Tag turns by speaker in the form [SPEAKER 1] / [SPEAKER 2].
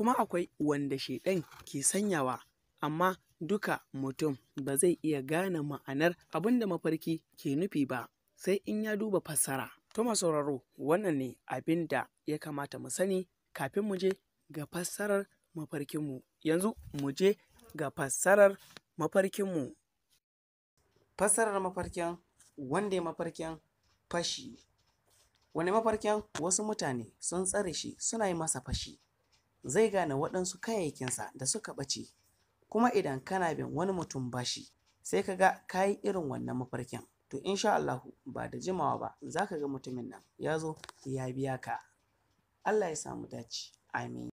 [SPEAKER 1] kuma akwai wanda shaiɗan ke sanyawa amma duka mutum ba zai iya gane ma'anar abin da mafarki ke nufi ba sai in ya duba fassara. Tuma sauraro wannan ne abin da ya kamata mu sani kafin mu je ga fassarar mafarkinmu. Yanzu mu je ga fassarar mafarkinmu. Fassarar mafarkin wanda ya mafarkin fashi. Wani mafarkin wasu mutane sun tsare shi suna yi masa fashi. zai gane waɗansu kayayyakinsa da suka ɓace kuma idan kana bin wani mutum bashi sai ka ga kayi irin wannan mafarkin to insha Allahu ba da jimawa ba za ka ga mutumin nan ya zo ya biya ka Allah ya samu dace amin